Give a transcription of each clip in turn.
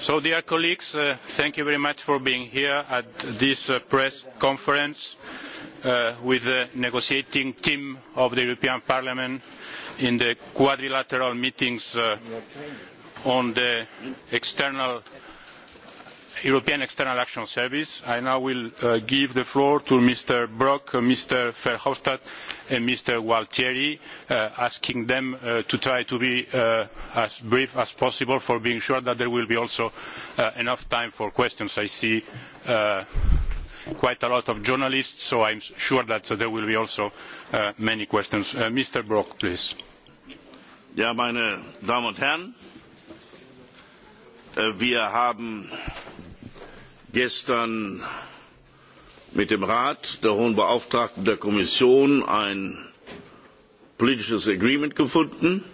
So, dear colleagues, thank you very much for being here at this press conference with the negotiating team of the European Parliament in the quadrilateral meetings on the external European External Action Service. I now will give the floor to Mr. Brok, Mr. Verhofstadt, and Mr. Gualtieri, asking them to try to be as brief as possible for being sure that there will be also enough time for questions. I see quite a lot of journalists, so I am sure that there will be also many questions. Mr. Brok, please. meine Damen und Herren, wir haben gestern mit dem Rat, der Hohen Beauftragten der Kommission ein politisches Agreement gefunden,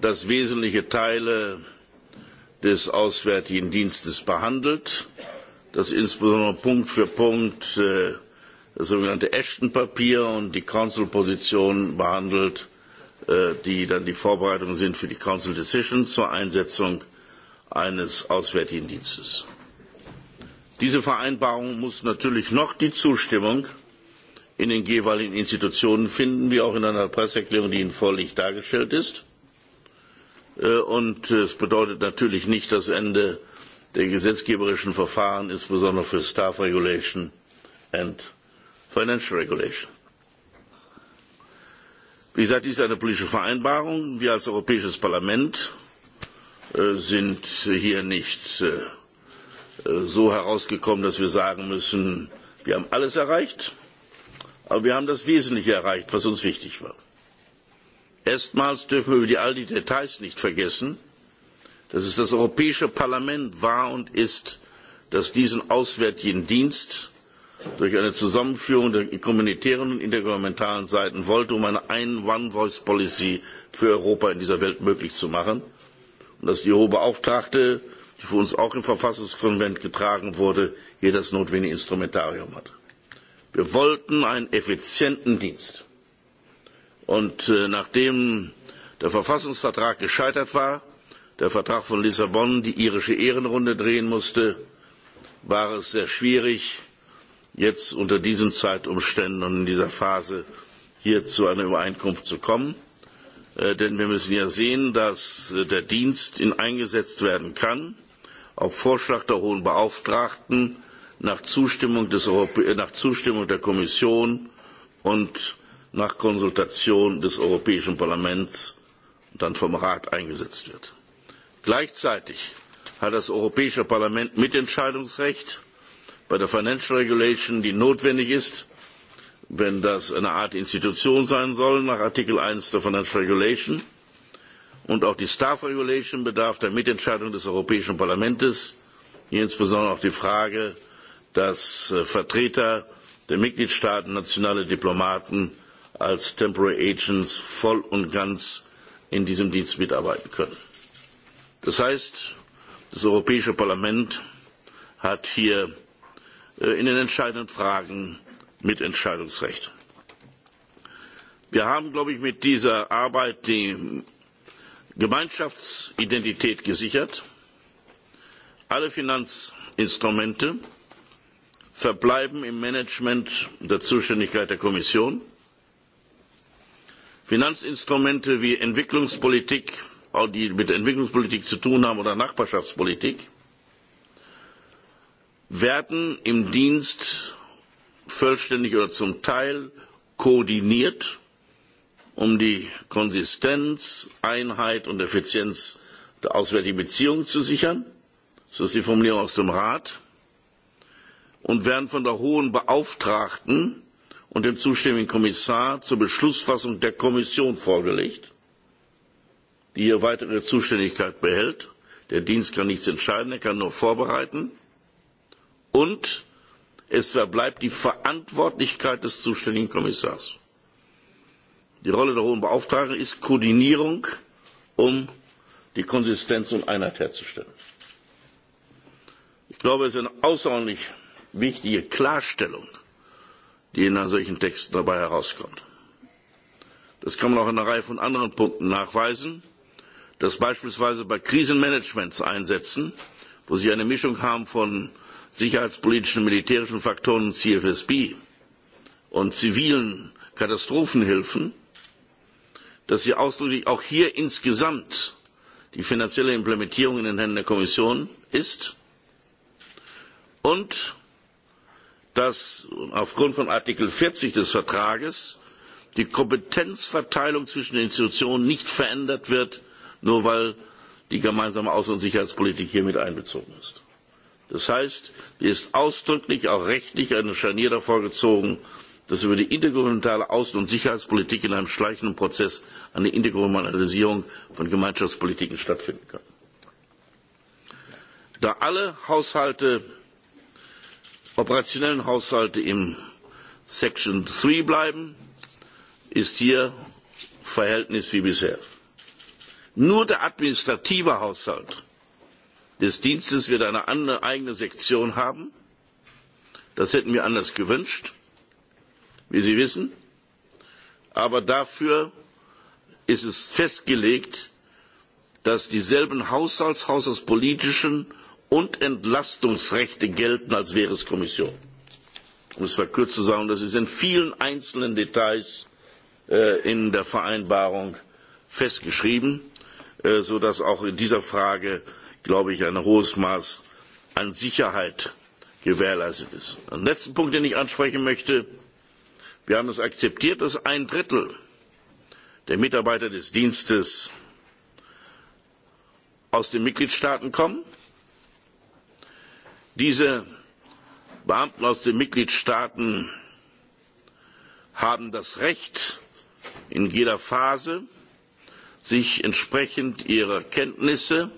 das wesentliche Teile des Auswärtigen Dienstes behandelt, das insbesondere Punkt für Punkt das sogenannte Ashton-Papier und die Council-Position behandelt, die dann die Vorbereitungen sind für die Council Decisions zur Einsetzung eines Auswärtigen Dienstes. Diese Vereinbarung muss natürlich noch die Zustimmung in den jeweiligen Institutionen finden, wie auch in einer Presseerklärung, die Ihnen vorliegt, dargestellt ist. Und es bedeutet natürlich nicht das Ende der gesetzgeberischen Verfahren, insbesondere für Staff Regulation and Financial Regulation. Wie gesagt, dies ist eine politische Vereinbarung. Wir als Europäisches Parlament sind hier nicht so herausgekommen, dass wir sagen müssen, wir haben alles erreicht, aber wir haben das Wesentliche erreicht, was uns wichtig war. Erstmals dürfen wir über all die Details nicht vergessen, dass es das Europäische Parlament war und ist, das diesen Auswärtigen Dienst durch eine Zusammenführung der kommunitären und intergouvernementalen Seiten wollte, um eine One-Voice-Policy für Europa in dieser Welt möglich zu machen. Und dass die hohe Beauftragte die für uns auch im Verfassungskonvent getragen wurde, hier das notwendige Instrumentarium hat. Wir wollten einen effizienten Dienst. Und nachdem der Verfassungsvertrag gescheitert war, der Vertrag von Lissabon die irische Ehrenrunde drehen musste, war es sehr schwierig, jetzt unter diesen Zeitumständen und in dieser Phase hier zu einer Übereinkunft zu kommen. Denn wir müssen ja sehen, dass der Dienst eingesetzt werden kann auf Vorschlag der Hohen Beauftragten nach Zustimmung, der Kommission und nach Konsultation des Europäischen Parlaments und dann vom Rat eingesetzt wird. Gleichzeitig hat das Europäische Parlament Mitentscheidungsrecht bei der Financial Regulation, die notwendig ist, wenn das eine Art Institution sein soll, nach Artikel eins der Financial Regulation – und auch die staff regulation bedarf der mitentscheidung des europäischen parlaments hier insbesondere auch die frage dass vertreter der mitgliedstaaten nationale diplomaten als temporary agents voll und ganz in diesem dienst mitarbeiten können. das heißt das europäische parlament hat hier in den entscheidenden fragen mitentscheidungsrecht. wir haben glaube ich, mit dieser arbeit die Gemeinschaftsidentität gesichert. Alle Finanzinstrumente verbleiben im Management der Zuständigkeit der Kommission. Finanzinstrumente wie Entwicklungspolitik, auch die mit Entwicklungspolitik zu tun haben oder Nachbarschaftspolitik, werden im Dienst vollständig oder zum Teil koordiniert um die Konsistenz, Einheit und Effizienz der auswärtigen Beziehungen zu sichern. Das ist die Formulierung aus dem Rat. Und werden von der hohen Beauftragten und dem zuständigen Kommissar zur Beschlussfassung der Kommission vorgelegt, die hier weitere Zuständigkeit behält. Der Dienst kann nichts entscheiden, er kann nur vorbereiten. Und es verbleibt die Verantwortlichkeit des zuständigen Kommissars. Die Rolle der hohen Beauftragten ist Koordinierung, um die Konsistenz und Einheit herzustellen. Ich glaube, es ist eine außerordentlich wichtige Klarstellung, die in einem solchen Text dabei herauskommt. Das kann man auch in einer Reihe von anderen Punkten nachweisen, dass beispielsweise bei Krisenmanagementseinsätzen, wo Sie eine Mischung haben von sicherheitspolitischen, und militärischen Faktoren CFSB und zivilen Katastrophenhilfen, dass sie ausdrücklich auch hier insgesamt die finanzielle Implementierung in den Händen der Kommission ist und dass aufgrund von Artikel vierzig des Vertrages die Kompetenzverteilung zwischen den Institutionen nicht verändert wird, nur weil die gemeinsame Außen- und Sicherheitspolitik hier mit einbezogen ist. Das heißt, hier ist ausdrücklich auch rechtlich ein Scharnier davor gezogen, dass über die intergouvernementale Außen- und Sicherheitspolitik in einem schleichenden Prozess eine Intergouvernementalisierung von Gemeinschaftspolitiken stattfinden kann. Da alle Haushalte, operationellen Haushalte im Section 3 bleiben, ist hier Verhältnis wie bisher. Nur der administrative Haushalt des Dienstes wird eine eigene Sektion haben. Das hätten wir anders gewünscht wie Sie wissen. Aber dafür ist es festgelegt, dass dieselben Haushalts-, haushaltspolitischen und Entlastungsrechte gelten, als wäre es Kommission. Um es verkürzt zu sagen, das ist in vielen einzelnen Details in der Vereinbarung festgeschrieben, sodass auch in dieser Frage, glaube ich, ein hohes Maß an Sicherheit gewährleistet ist. Ein letzter Punkt, den ich ansprechen möchte, wir haben es akzeptiert, dass ein Drittel der Mitarbeiter des Dienstes aus den Mitgliedstaaten kommen. Diese Beamten aus den Mitgliedstaaten haben das Recht, in jeder Phase sich entsprechend ihrer Kenntnisse,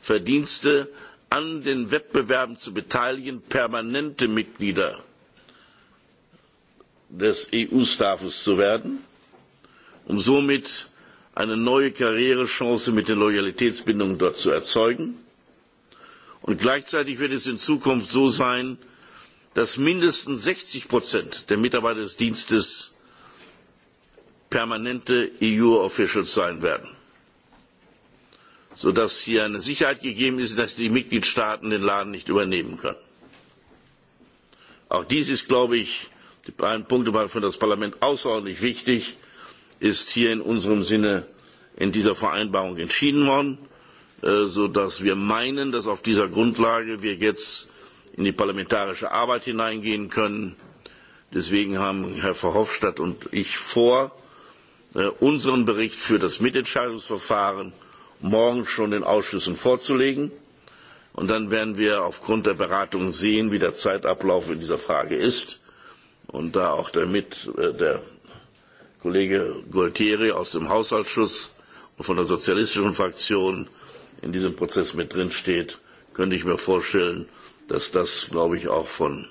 Verdienste an den Wettbewerben zu beteiligen, permanente Mitglieder des EU Staffes zu werden, um somit eine neue Karrierechance mit den Loyalitätsbindungen dort zu erzeugen. Und gleichzeitig wird es in Zukunft so sein, dass mindestens sechzig der Mitarbeiter des Dienstes permanente EU Officials sein werden, sodass hier eine Sicherheit gegeben ist, dass die Mitgliedstaaten den Laden nicht übernehmen können. Auch dies ist, glaube ich, die Punkt, Punkte waren für das Parlament außerordentlich wichtig, ist hier in unserem Sinne in dieser Vereinbarung entschieden worden, sodass wir meinen, dass wir auf dieser Grundlage jetzt in die parlamentarische Arbeit hineingehen können. Deswegen haben Herr Verhofstadt und ich vor, unseren Bericht für das Mitentscheidungsverfahren morgen schon den Ausschüssen vorzulegen. Und dann werden wir aufgrund der Beratungen sehen, wie der Zeitablauf in dieser Frage ist und da auch der, Mit, äh, der Kollege Gualtieri aus dem Haushaltsschuss und von der sozialistischen Fraktion in diesem Prozess mit drin steht, könnte ich mir vorstellen, dass das, glaube ich, auch von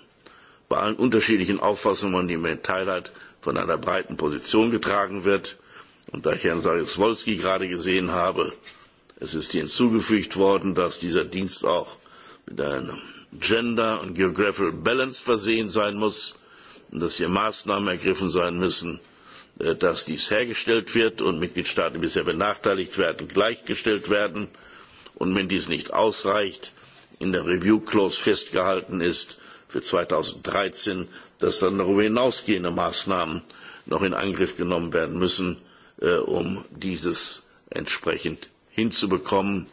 bei allen unterschiedlichen Auffassungen, die man teilt, von einer breiten Position getragen wird. Und da ich Herrn Sajuswolski gerade gesehen habe, es ist hinzugefügt worden, dass dieser Dienst auch mit einem Gender und Geographical Balance versehen sein muss dass hier Maßnahmen ergriffen sein müssen, dass dies hergestellt wird und Mitgliedstaaten, die bisher benachteiligt werden, gleichgestellt werden. Und wenn dies nicht ausreicht, in der Review Clause festgehalten ist für 2013, dass dann darüber hinausgehende Maßnahmen noch in Angriff genommen werden müssen, um dieses entsprechend hinzubekommen,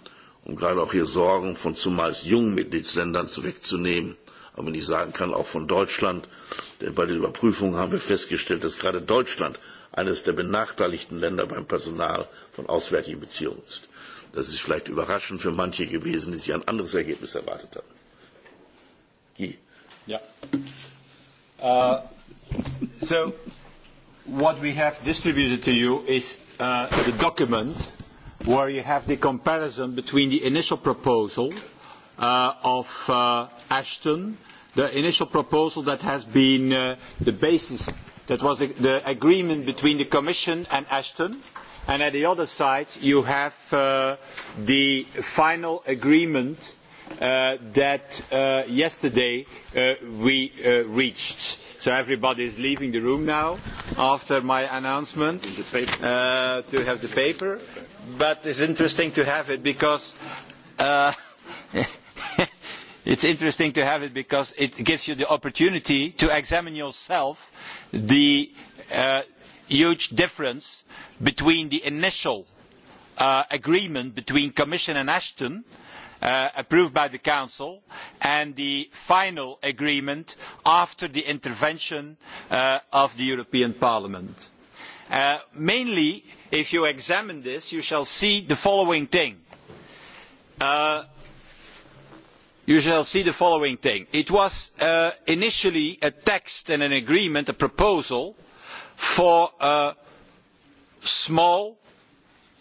um gerade auch hier Sorgen von zumeist jungen Mitgliedsländern wegzunehmen aber nicht sagen kann, auch von Deutschland. Denn bei den Überprüfungen haben wir festgestellt, dass gerade Deutschland eines der benachteiligten Länder beim Personal von auswärtigen Beziehungen ist. Das ist vielleicht überraschend für manche gewesen, die sich ein anderes Ergebnis erwartet haben. Guy. Yeah. Uh, so, what we have distributed to you is uh, the document where you have the comparison between the initial proposal of Ashton, the initial proposal that has been the basis, that was the agreement between the Commission and Ashton. And at the other side, you have the final agreement that yesterday we reached. So everybody is leaving the room now after my announcement to have the paper. But it's interesting to have it because It's interesting to have it because it gives you the opportunity to examine yourself the huge difference between the initial agreement between Commission and Ashton approved by the Council and the final agreement after the intervention of the European Parliament. mainly, if you examine this, you shall see the following thing you shall see the following thing. It was initially a text and an agreement, a proposal for a small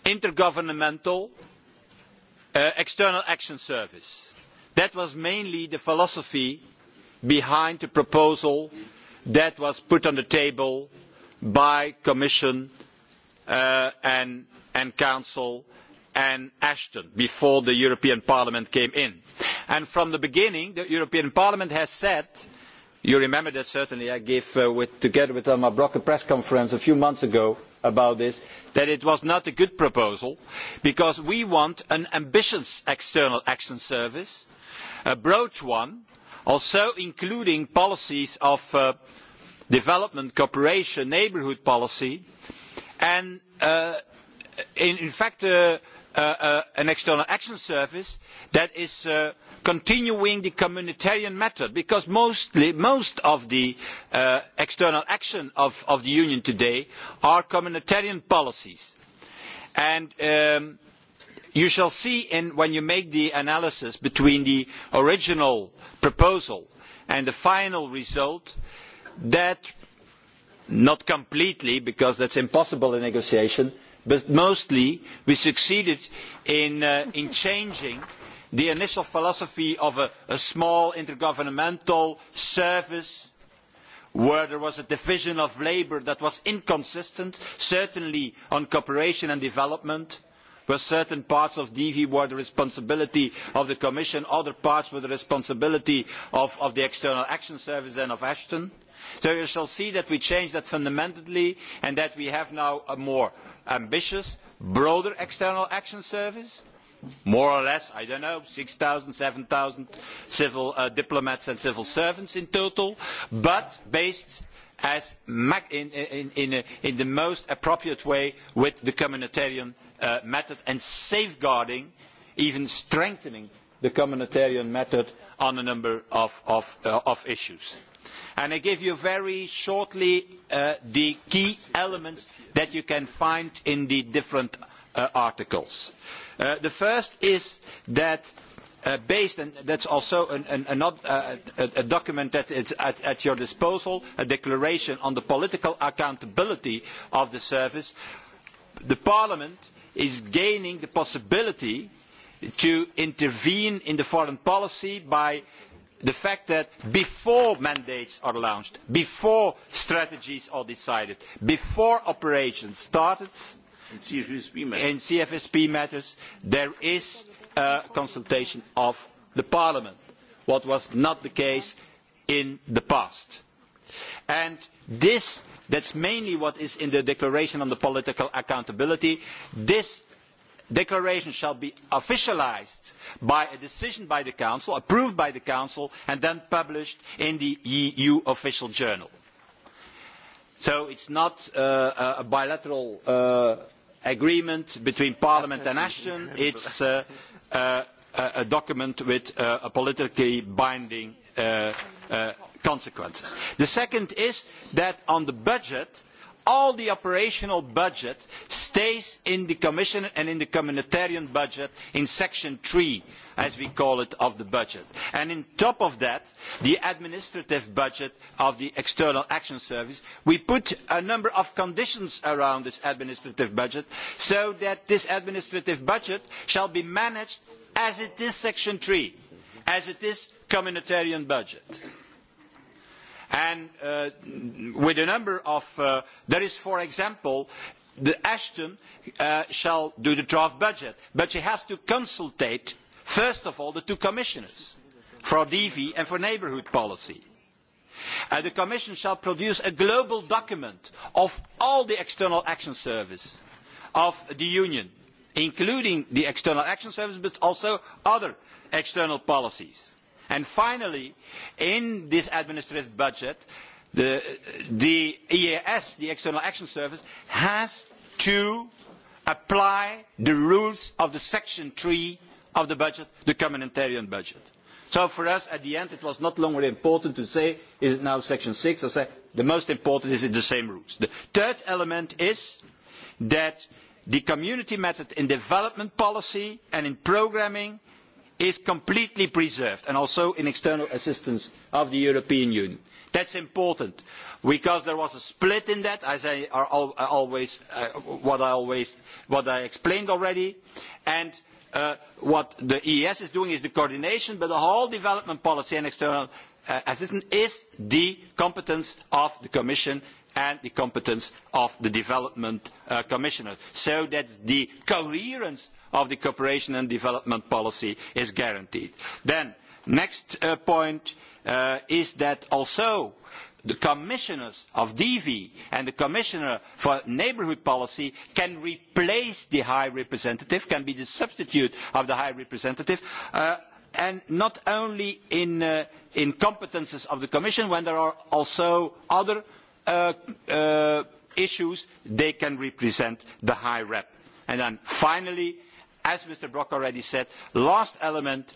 intergovernmental external action service. That was mainly the philosophy behind the proposal that was put on the table by Commission and Council and Ashton before the European Parliament came in and from the beginning the european parliament has said you remember that certainly i gave together with elmar brok a press conference a few months ago about this that it was not a good proposal because we want an ambitious external action service a broad one also including policies of development cooperation neighbourhood policy and in fact an external action service that is continuing the communitarian method because most of the external action of the union today are communitarian policies you shall see when you make the analysis between the original proposal and the final result that not completely because that is impossible in negotiation but mostly we succeeded in changing the initial philosophy of a small intergovernmental service where there was a division of labour that was inconsistent, certainly on cooperation and development, where certain parts of DV were the responsibility of the Commission, other parts were the responsibility of, the External Action Service and of Ashton So you shall see that we changed that fundamentally and that we have now a more ambitious, broader external action service. More or less, I don't know, 6,000, 7,000 civil diplomats and civil servants in total, but based as in, the most appropriate way with the communitarian method and safeguarding, even strengthening the communitarian method on a number of issues And I give you very shortly the key elements that you can find in the different articles. the first is that based, and that's also a document that is at your disposal, a declaration on the political accountability of the service, the Parliament is gaining the possibility to intervene in the foreign policy by the fact that before mandates are launched, before strategies are decided, before operations started in CFSP matters, there is a consultation of Parliament, what was not the case in the past. And this, is mainly what is in the Declaration on Political Accountability. This declaration shall be officialised by a decision by the Council, approved by the Council, and then published in the EU official journal. So it is not a bilateral agreement between Parliament and Ashton. It is a document with politically binding consequences. The second is that on the budget, all the operational budget stays in the Commission and in the communitarian budget in section three, as we call it, of the budget. And on top of that, the administrative budget of the External Action Service, we put a number of conditions around this administrative budget so that this administrative budget shall be managed as it is section three, as it is communitarian budget And with a number of, there is, for example, the Ashton shall do the draft budget, but she has to consultate, first of all, the two commissioners for DV and for neighbourhood policy. the Commission shall produce a global document of all the External Action Service of the Union, including the External Action Service, but also other external policies And finally, in this administrative budget, the, the EAS, the External Action Service, has to apply the rules of the Section three of the budget, the communitarian budget. So for us, at the end, it was not longer important to say, is it now Section six or say, the most important is the same rules. The third element is that the community method in development policy and in programming is completely preserved and also in external assistance of the European Union. That is important because there was a split in that, as I, always, what, I always, what I explained already. And what the EES is doing is the coordination, but the whole development policy and external assistance is the competence of the Commission and the competence of the development commissioner. So that the coherence of the cooperation and development policy is guaranteed. Then, next point is that also the commissioners of DV and the commissioner for neighbourhood policy can replace the high representative, can be the substitute of the high representative, and not only in, competences of the commission, when there are also other issues, they can represent the high rep. And then finally, as Mr. Brok already said, last element,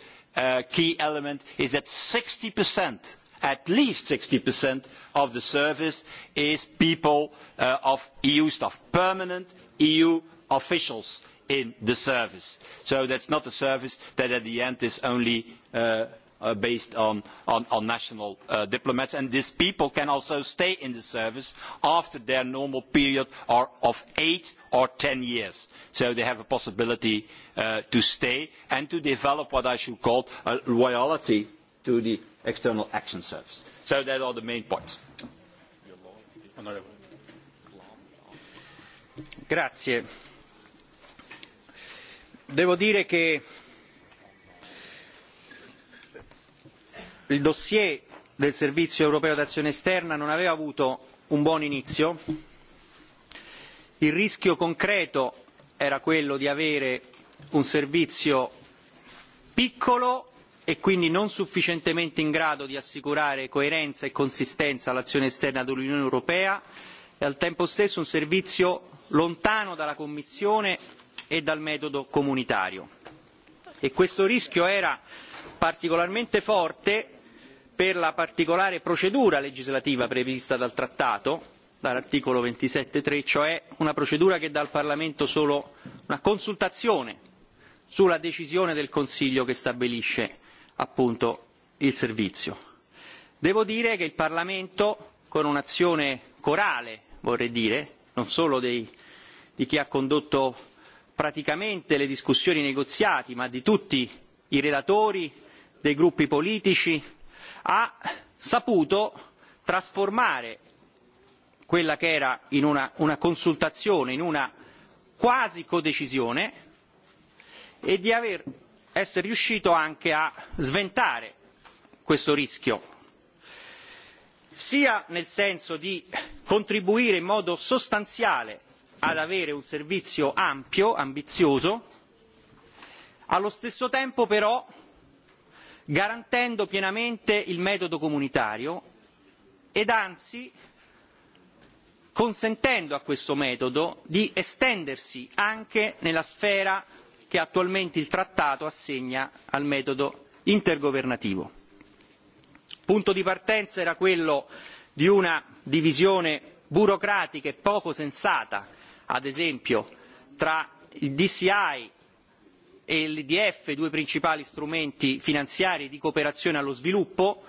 key element, is that 60%, at least 60% of the service is people of EU staff, permanent EU officials in the service. So that's not a service that at the end is only based on, national diplomats. And these people can also stay in the service after their normal period of eight or ten years. So they have a possibility to stay and to develop what I should call a loyalty to the External Action Service. So that are the main points. Devo dire che il dossier del servizio europeo d'azione esterna non aveva avuto un buon inizio il rischio concreto era quello di avere un servizio piccolo e quindi non sufficientemente in grado di assicurare coerenza e consistenza all'azione esterna dell'Unione europea e al tempo stesso un servizio lontano dalla Commissione e dal metodo comunitario. E questo rischio era particolarmente forte per la particolare procedura legislativa prevista dal Trattato, dall'articolo ventisette tre, cioè una procedura che dà al Parlamento solo una consultazione sulla decisione del Consiglio che stabilisce appunto il servizio. Devo dire che il Parlamento, con un'azione corale, vorrei dire, non solo di chi ha condotto praticamente le discussioni negoziati, ma di tutti i relatori, dei gruppi politici, ha saputo trasformare quella che era in una, una consultazione, in una quasi codecisione e di aver, essere riuscito anche a sventare questo rischio, sia nel senso di contribuire in modo sostanziale ad avere un servizio ampio, ambizioso, allo stesso tempo però garantendo pienamente il metodo comunitario ed anzi consentendo a questo metodo di estendersi anche nella sfera che attualmente il trattato assegna al metodo intergovernativo. Il punto di partenza era quello di una divisione burocratica e poco sensata ad esempio tra il dci e l'EDF, due principali strumenti finanziari di cooperazione allo sviluppo,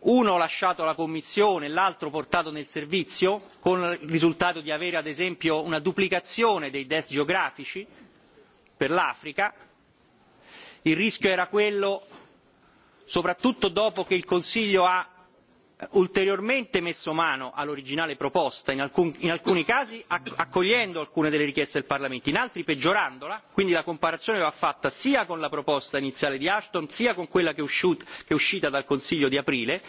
uno lasciato alla Commissione e l'altro portato nel servizio, con il risultato di avere ad esempio una duplicazione dei desk geografici per l'Africa. Il rischio era quello, soprattutto dopo che il Consiglio ha ulteriormente messo mano all'originale proposta in, alcuni casi accogliendo alcune delle richieste del Parlamento, in altri peggiorandola, quindi la comparazione va fatta sia con la proposta iniziale di Ashton sia con quella che è uscita dal Consiglio di aprile,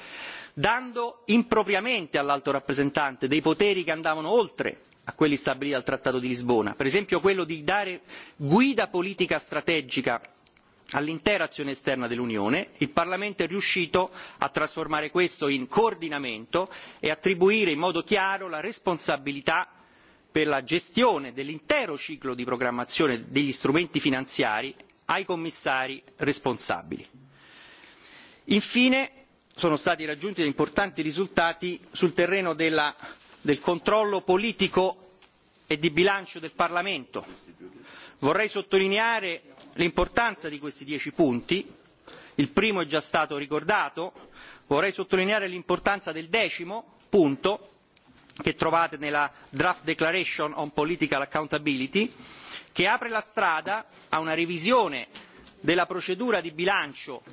dando impropriamente all'alto rappresentante dei poteri che andavano oltre a quelli stabiliti dal Trattato di Lisbona, per esempio quello di dare guida politica strategica all'intera azione esterna dell'Unione, il Parlamento è riuscito a trasformare questo in coordinamento e attribuire in modo chiaro la responsabilità per la gestione dell'intero ciclo di programmazione degli strumenti finanziari ai commissari responsabili. Infine sono stati raggiunti importanti risultati sul terreno del controllo politico e di bilancio del Parlamento. Vorrei sottolineare l'importanza di questi dieci punti il primo è già stato ricordato vorrei sottolineare l'importanza del decimo punto che trovate nella draft declaration on political accountability che apre la strada a una revisione della procedura di bilancio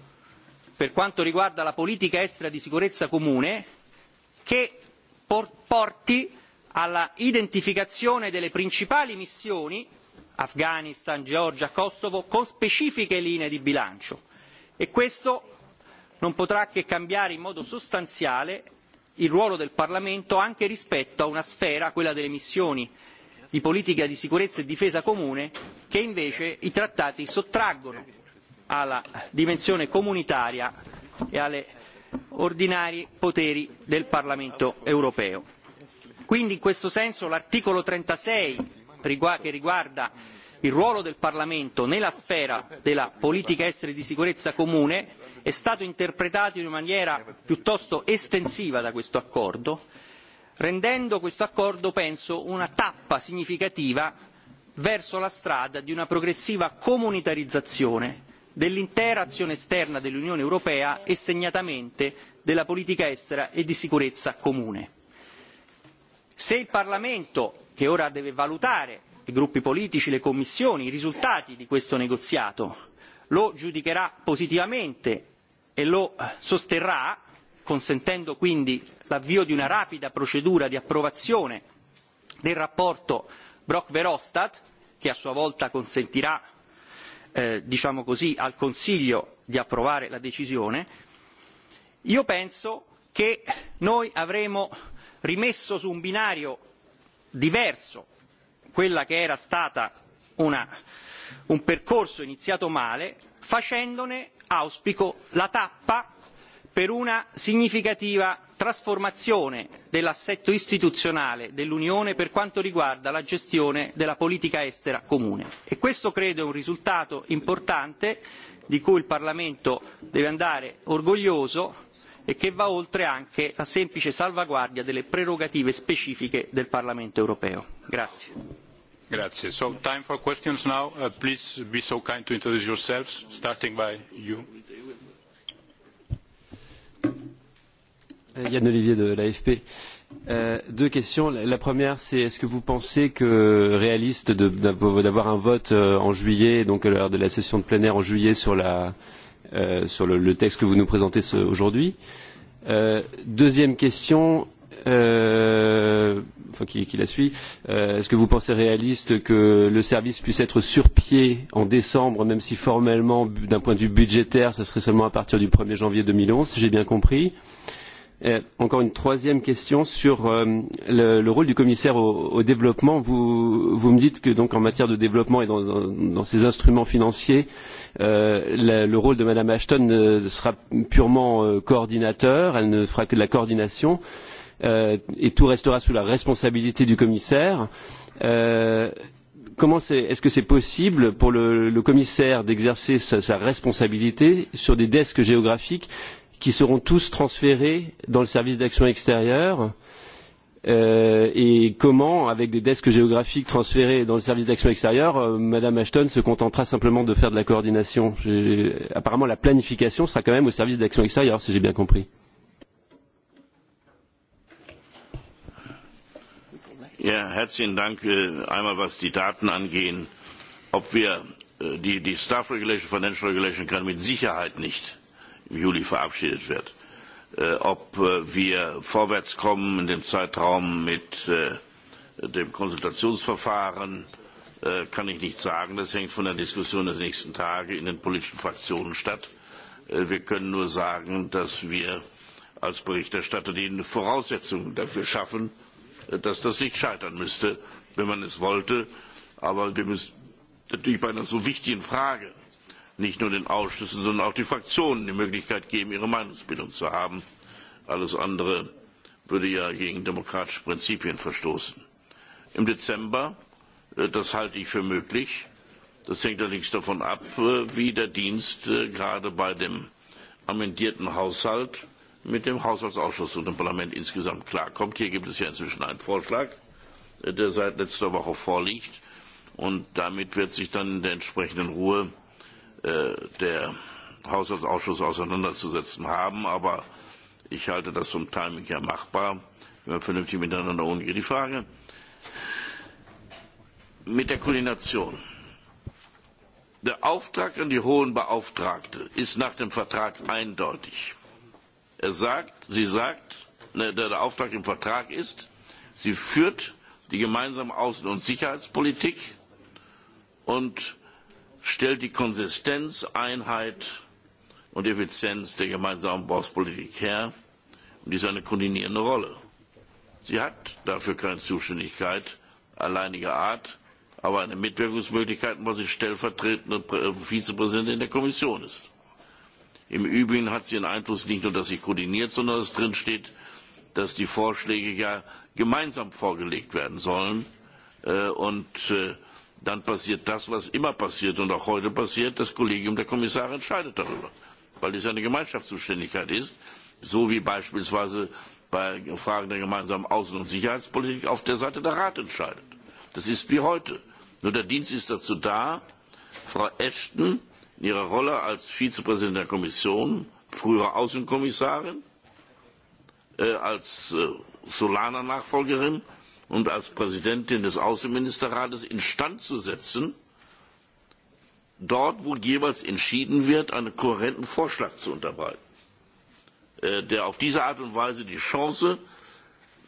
per quanto riguarda la politica estera di sicurezza comune che porti alla identificazione delle principali missioni Afghanistan, Georgia, Kosovo, con specifiche linee di bilancio e questo non potrà che cambiare in modo sostanziale il ruolo del Parlamento anche rispetto a una sfera, quella delle missioni di politica di sicurezza e difesa comune, che invece i trattati sottraggono alla dimensione comunitaria e agli ordinari poteri del Parlamento europeo. Quindi in questo senso l'articolo trentasei che riguarda il ruolo del Parlamento nella sfera della politica estera e di sicurezza comune è stato interpretato in maniera piuttosto estensiva da questo accordo, rendendo questo accordo, penso, una tappa significativa verso la strada di una progressiva comunitarizzazione dell'intera azione esterna dell'Unione europea e segnatamente della politica estera e di sicurezza comune se il Parlamento, che ora deve valutare i gruppi politici, le commissioni, i risultati di questo negoziato, lo giudicherà positivamente e lo sosterrà, consentendo quindi l'avvio di una rapida procedura di approvazione del rapporto Brok Verhofstadt, che a sua volta consentirà diciamo così, al Consiglio di approvare la decisione, io penso che noi avremo rimesso su un binario diverso quella che era stata un percorso iniziato male facendone auspico la tappa per una significativa trasformazione dell'assetto istituzionale dell'unione per quanto riguarda la gestione della politica estera comune e questo credo è un risultato importante di cui il parlamento deve andare orgoglioso e che va oltre anche la semplice salvaguardia delle prerogative specifiche del Parlamento europeo. Grazie. Grazie. So time for questions now. Uh, please be so kind to introduce yourselves, starting by you. Yann Olivier de l'AFP. Euh, deux questions. La première, c'est est-ce que vous pensez que réaliste d'avoir un vote en juillet, donc à l'heure de la session de plénière en juillet sur la, euh, euh, sur le, le texte que vous nous présentez aujourd'hui. Euh, deuxième question, euh, enfin, qui, qui la suit, euh, est-ce que vous pensez réaliste que le service puisse être sur pied en décembre, même si formellement, d'un point de vue budgétaire, ça serait seulement à partir du 1er janvier 2011, si j'ai bien compris euh, encore une troisième question sur le, rôle du commissaire au, développement. Vous, me dites que donc en matière de développement et dans, ces instruments financiers, le rôle de Madame Ashton sera purement coordinateur. Elle ne fera que de la coordination et tout restera sous la responsabilité du commissaire. comment est-ce que c'est possible pour le, commissaire d'exercer sa, responsabilité sur des desks géographiques qui seront tous transférés dans le service d'action extérieure et comment, avec des desks géographiques transférés dans le service d'action extérieure, Madame Ashton se contentera simplement de faire de la coordination. Apparemment, la planification sera quand même au service d'action extérieure, si j'ai bien compris. Ja, herzlichen Dank. Einmal was die Daten angehen. Ob wir die, die Staff Regulation, Financial Regulation kann mit Sicherheit nicht im Juli verabschiedet wird. ob wir vorwärtskommen in dem Zeitraum mit dem Konsultationsverfahren, kann ich nicht sagen. Das hängt von der Diskussion der nächsten Tage in den politischen Fraktionen statt. wir können nur sagen, dass wir als Berichterstatter die Voraussetzungen dafür schaffen, dass das nicht scheitern müsste, wenn man es wollte. Aber wir müssen natürlich bei einer so wichtigen Frage nicht nur den Ausschüssen, sondern auch den Fraktionen die Möglichkeit geben, ihre Meinungsbildung zu haben. Alles andere würde ja gegen demokratische Prinzipien verstoßen. Im Dezember, das halte ich für möglich. Das hängt allerdings davon ab, wie der Dienst gerade bei dem amendierten Haushalt mit dem Haushaltsausschuss und dem Parlament insgesamt klarkommt. Hier gibt es ja inzwischen einen Vorschlag, der seit letzter Woche vorliegt. Und damit wird sich dann in der entsprechenden Ruhe der Haushaltsausschuss auseinanderzusetzen haben. Aber ich halte das zum Timing her machbar, wenn wir vernünftig miteinander umgehen. Die Frage mit der Koordination. Der Auftrag an die hohen Beauftragte ist nach dem Vertrag eindeutig. Er sagt, sie sagt, der Auftrag im Vertrag ist, sie führt die gemeinsame Außen- und Sicherheitspolitik und stellt die Konsistenz, Einheit und Effizienz der gemeinsamen Bauspolitik her und ist eine koordinierende Rolle. Sie hat dafür keine Zuständigkeit alleiniger Art, aber eine Mitwirkungsmöglichkeit, weil sie stellvertretende Vizepräsidentin der Kommission ist. Im Übrigen hat sie den Einfluss nicht nur, dass sie koordiniert, sondern dass drin steht, dass die Vorschläge ja gemeinsam vorgelegt werden sollen und dann passiert das, was immer passiert und auch heute passiert. Das Kollegium der Kommissare entscheidet darüber, weil es ja eine Gemeinschaftszuständigkeit ist, so wie beispielsweise bei Fragen der gemeinsamen Außen- und Sicherheitspolitik auf der Seite der Rat entscheidet. Das ist wie heute. Nur der Dienst ist dazu da, Frau Ashton in ihrer Rolle als Vizepräsidentin der Kommission, frühere Außenkommissarin, als Solana-Nachfolgerin und als Präsidentin des Außenministerrates instand zu setzen, dort, wo jeweils entschieden wird, einen kohärenten Vorschlag zu unterbreiten, der auf diese Art und Weise die Chance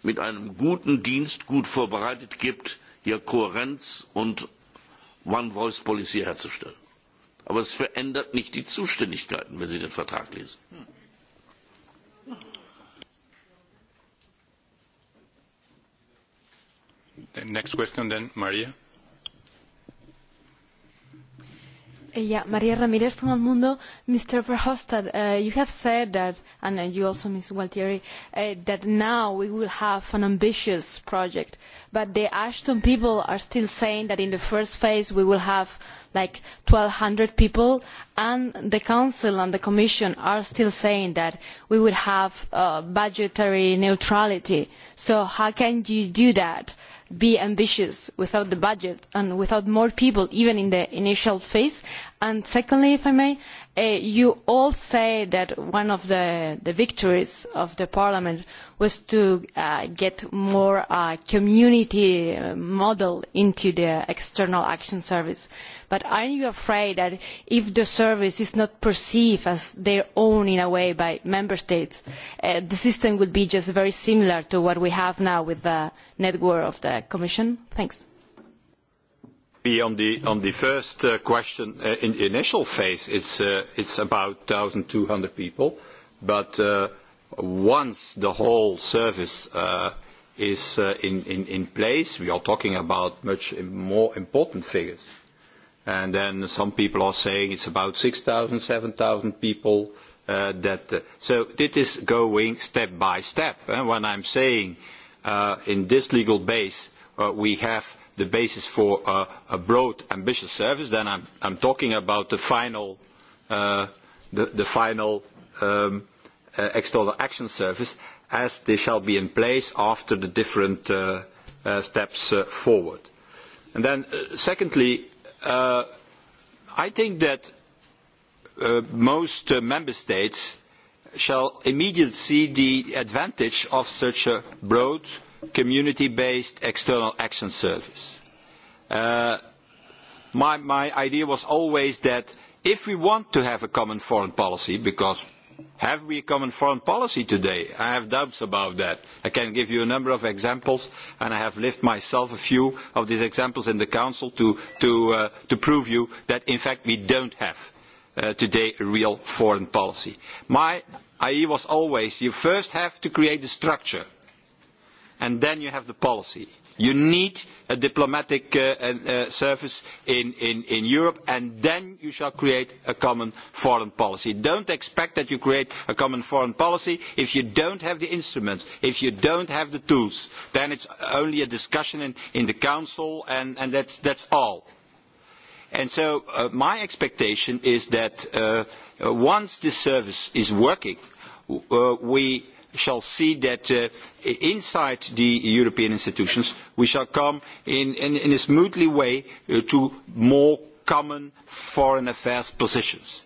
mit einem guten Dienst gut vorbereitet gibt, hier Kohärenz und One-Voice-Policy herzustellen. Aber es verändert nicht die Zuständigkeiten, wenn Sie den Vertrag lesen. Next question then, Maria. Yeah, Maria Ramirez from El Mundo. Mr. Verhofstadt, uh, you have said that, and uh, you also, Ms. Gualtieri, uh, that now we will have an ambitious project. But the Ashton people are still saying that in the first phase we will have like 1,200 people, and the council and the commission are still saying that we would have budgetary neutrality so how can you do that be ambitious without the budget and without more people even in the initial phase and secondly if i may you all say that one of the, victories of the parliament was to get more uh, community model into the external action service. But are you afraid that if the service is not perceived as their own in a way by member states, the system would be just very similar to what we have now with the network of the commission? Thanks. On the first question, in the initial phase, it's about 1,200 people. But once the whole service is in place, we are talking about much more important figures. And then some people are saying it's about 6,000, 7,000 people that. So this is going step by step. When I'm saying in this legal base, we have the basis for a, a broad, ambitious service, then I'm, I'm talking about the final, uh, the, the final um, uh, external action service, as they shall be in place after the different uh, uh, steps uh, forward. And then, uh, secondly, uh, I think that uh, most uh, member states shall immediately see the advantage of such a broad, uh, community-based external action service. my, idea was always that if we want to have a common foreign policy, because have we a common foreign policy today? I have doubts about that. I can give you a number of examples, and I have lived myself a few of these examples in the Council to, prove you that in fact we don't have today a real foreign policy. My idea was always you first have to create a structure – and then you have the policy. You need a diplomatic service in, Europe, and then you shall create a common foreign policy. Don't expect that you create a common foreign policy if you don't have the instruments, if you don't have the tools. Then it's only a discussion in, the Council, and, and that's, that's all. And so my expectation is that once this service is working, we shall see that inside the European institutions we shall come in, in, a smoothly way to more common foreign affairs positions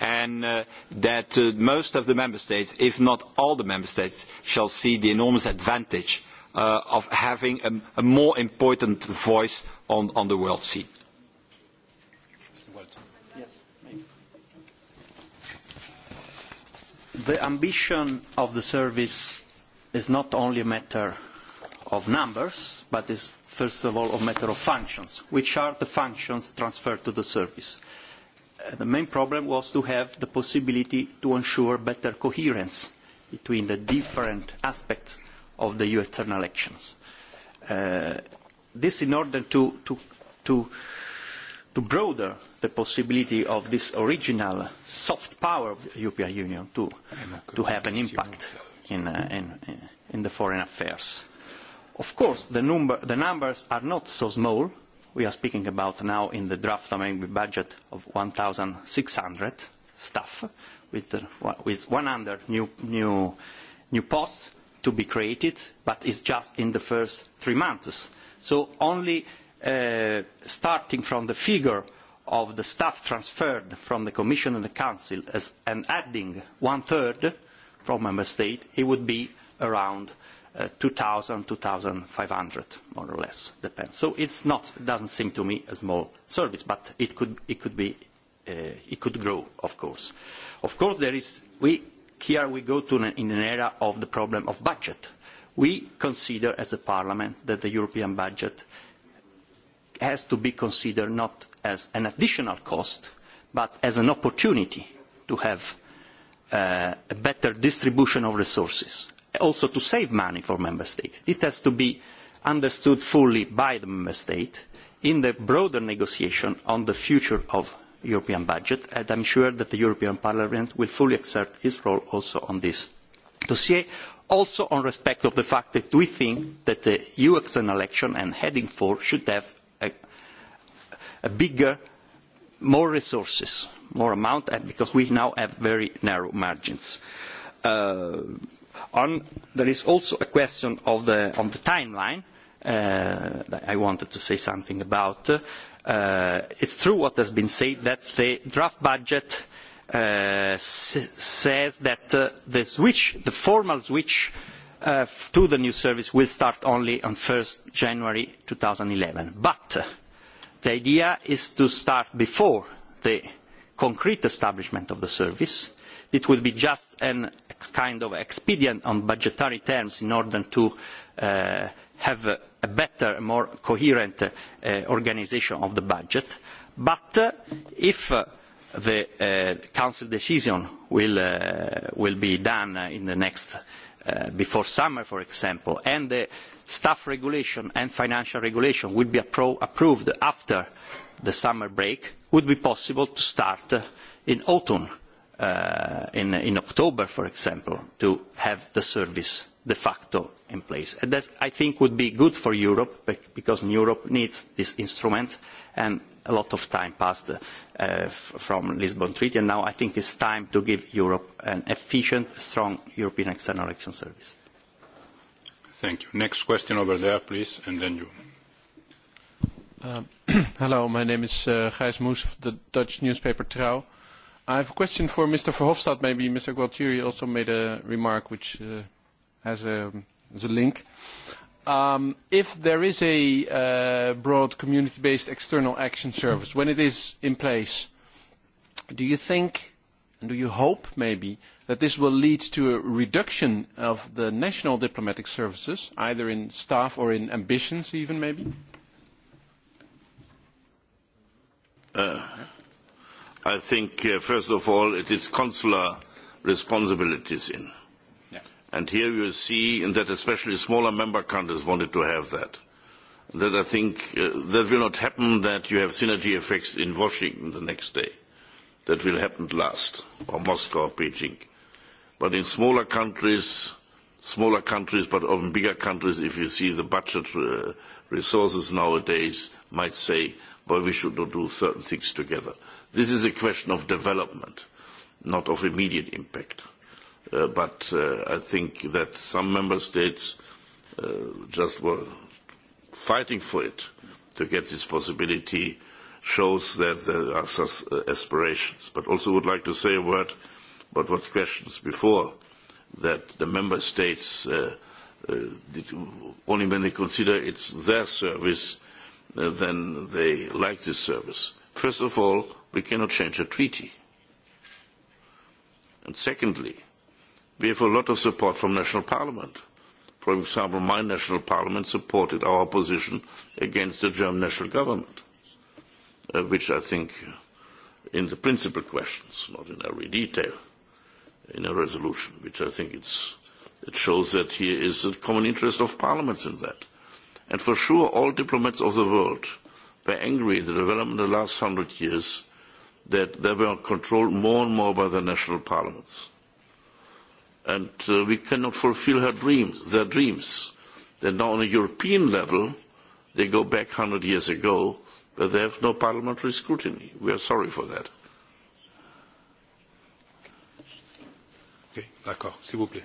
and that most of the member states, if not all the member states, shall see the enormous advantage of having a, more important voice on, the world scene. the ambition of the service is not only a matter of numbers, but is first of all a matter of functions. Which are the functions transferred to the service? The main problem was to have the possibility to ensure better coherence between the different aspects of the EU external actions. this in order to, to, to to broaden the possibility of this original soft power of the European Union to, to have an impact in, uh, in, in the foreign affairs. Of course, the, number, the numbers are not so small. We are speaking about now in the draft amendment budget of 1,600 staff with, uh, with 100 new, new, new posts to be created, but it's just in the first three months. So only starting from the figure of the staff transferred from the Commission and the Council and adding one-third from Member States, it would be around two thousand, two five hundred, more or less, depends. So it's not, it doesn't seem to me a small service, but it could, it could be, it could grow, of course. Of course, there is, we, here we go to an, in an era of the problem of budget. We consider as a parliament that the European budget has to be considered not as an additional cost, but as an opportunity to have a better distribution of resources, also to save money for member states. It has to be understood fully by the member state in the broader negotiation on the future of the European budget, and I am sure that the European Parliament will fully exert its role also on this dossier, also on respect of the fact that we think that the EU external action and heading four should have a bigger, more resources, more amount, because we now have very narrow margins. There is also a question of the on the timeline that I wanted to say something about. It's true what has been said, that the draft budget says that the switch, the formal switch to the new service will start only on 1st January 2011. But The idea is to start before the concrete establishment of the service. It would be just a kind of expedient on budgetary terms in order to have a better, more coherent organisation of the budget. But if the Council decision will, be done in the next, before summer, for example, and the staff regulation and financial regulation will be approved after the summer break, would be possible to start in autumn, in, October, for example, to have the service de facto in place. And that, I think, would be good for Europe, because Europe needs this instrument, and a lot of time passed from the Lisbon Treaty, and now I think it is time to give Europe an efficient, strong European External Action Service. Thank you. Next question over there, please, and then you. Hello, my name is Gijs Moes of the Dutch newspaper Trouw. I have a question for Mr. Verhofstadt. Maybe Mr. Gualtieri also made a remark which has a link. If there is a broad community-based external action service, when it is in place, do you think, and do you hope maybe, that this will lead to a reduction of the national diplomatic services, either in staff or in ambitions even maybe? I think, first of all, it is consular responsibilities in. And here you see that especially smaller member countries wanted to have that. That I think that will not happen that you have synergy effects in Washington the next day. That will happen last, or Moscow or Beijing But in smaller countries, smaller countries, but often bigger countries, if you see the budget resources nowadays, might say, well, we should not do certain things together. This is a question of development, not of immediate impact. but I think that some member states just were fighting for it to get this possibility shows that there are such aspirations. But also would like to say a word but what questions before that the member states only when they consider it's their service then they like this service. First of all, we cannot change a treaty. And secondly, we have a lot of support from national parliament. For example, my national parliament supported our position against the German national government, which I think in the principal questions, not in every detail, in a resolution, which I think it's, it shows that here is the common interest of parliaments in that. And for sure, all diplomats of the world were angry at the development of the last hundred years that they were controlled more and more by the national parliaments. And uh, we cannot fulfill her dreams, their dreams. That now on a European level, they go back hundred years ago, but they have no parliamentary scrutiny. We are sorry for that. D'accord, s'il vous plaît.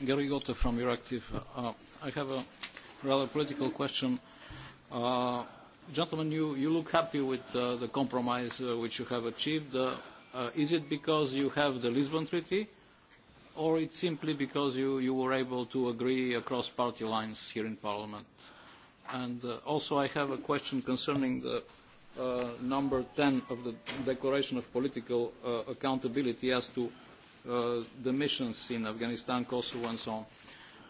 Gary Gotte from Euractiv. Uh, I have a rather political question. Uh, gentlemen, you, you look happy with uh, the compromise uh, which you have achieved. Uh, uh, is it because you have the Lisbon Treaty, or it's simply because you, you were able to agree across party lines here in Parliament? And uh, also I have a question concerning the uh, number 10 of the Declaration of Political uh, Accountability as to the missions in Afghanistan, Kosovo, and so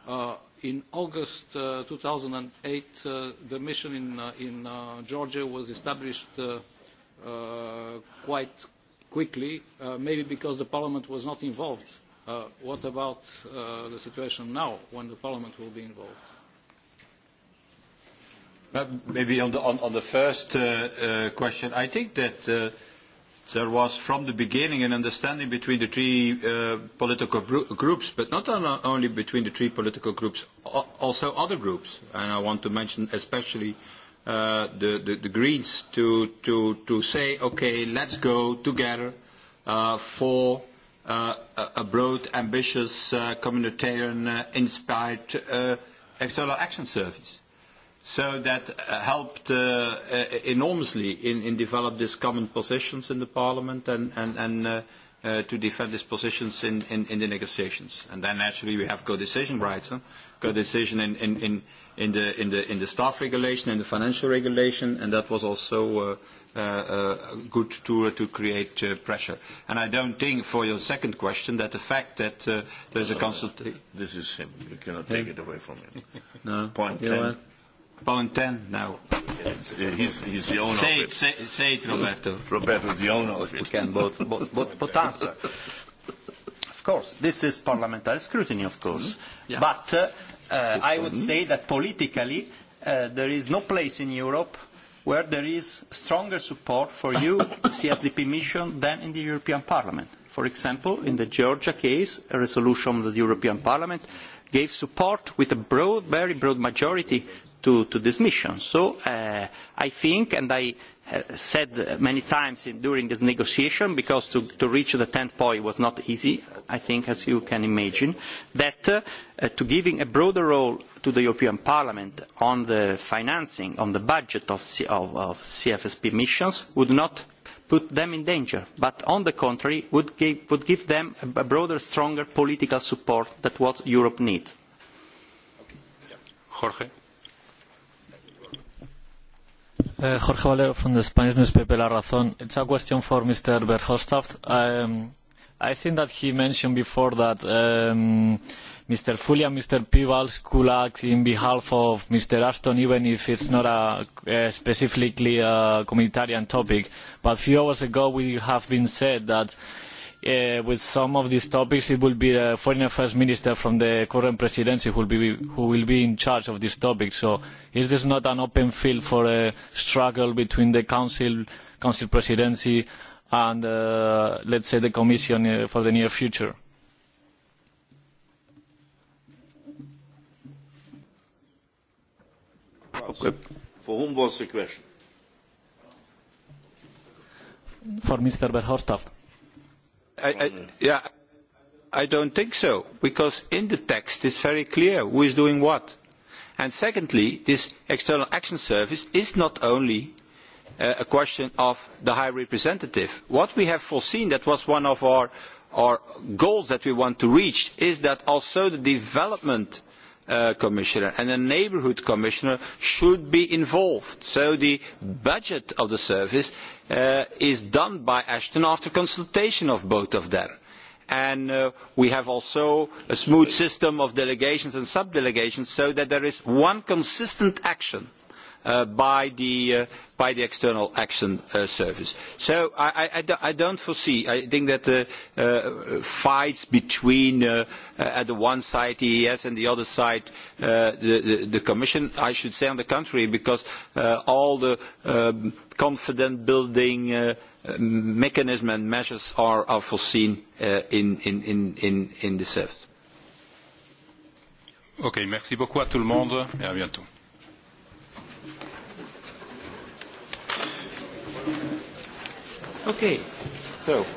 on. in August uh, 2008, uh, the mission in, uh, in uh, Georgia was established uh, uh, quite quickly, uh, maybe because the parliament was not involved. Uh, what about uh, the situation now when the parliament will be involved? Maybe on the, on, on the first uh, uh, question, I think that uh, there was from the beginning an understanding between the three uh, political groups, but not only between the three political groups, also other groups. And I want to mention especially uh, the, the, the Greens to, to, to say, okay, let's go together uh, for uh, a broad, ambitious, uh, communitarian-inspired uh, external action service So that helped enormously in develop these common positions in the parliament and to defend these positions in the negotiations. And then naturally, we have co-decision rights, huh? Co-decision in the staff regulation, in the financial regulation, and that was also good to create pressure. And I don't think, for your second question, that the fact that there's a consult- This is him. You cannot take it away from him. No. Point 10 Colin 10 now. He's, he's the owner. Say it, say, say it Roberto. Roberto's the owner of it. We can both, both, both, both answer. Of course, this is parliamentary scrutiny, of course. Mm-hmm. Yeah. But uh, uh, I would say that politically, uh, there is no place in Europe where there is stronger support for you, CSDP mission than in the European Parliament. For example, in the Georgia case, a resolution of the European Parliament gave support with a broad, very broad majority to, this mission. So I think, and I said many times during this negotiation, because to, reach the tenth point was not easy, I think, as you can imagine, that to giving a broader role to the European Parliament on the financing, on the budget of CFSP missions would not put them in danger, but on the contrary, would give, them a broader, stronger political support that what Europe needs. Jorge. Jorge Valero from the Spanish newspaper La Razón. It's a question for Mr. Berhostaft. I think that he mentioned before that Mr. Fulia and Mr. Pivals could act in behalf of Mr. Ashton, even if it's not a, specifically a communitarian topic. But a few hours ago, we have been said that with some of these topics, it will be the foreign affairs minister from the current presidency who will be, who will be in charge of this topic. So is this not an open field for a struggle between the council, council presidency and, uh, let's say, the commission for the near future? For whom was the question? For Mr. Verhofstadt I don't think so, because in the text it's very clear who is doing what. And secondly, this External Action Service is not only a question of the High Representative. What we have foreseen, that was one of our, goals that we want to reach, is that also the development commissioner and a neighbourhood commissioner should be involved. So the budget of the service is done by Ashton after consultation of both of them. And we have also a smooth system of delegations and sub-delegations so that there is one consistent action by the external action service. So I I don't foresee. I think that the fights between at the one side EES and the other side the Commission, I should say on the contrary, because all the confidence building mechanism and measures are foreseen in the Service merci beaucoup à tout le monde et à bientôt. Okay. So.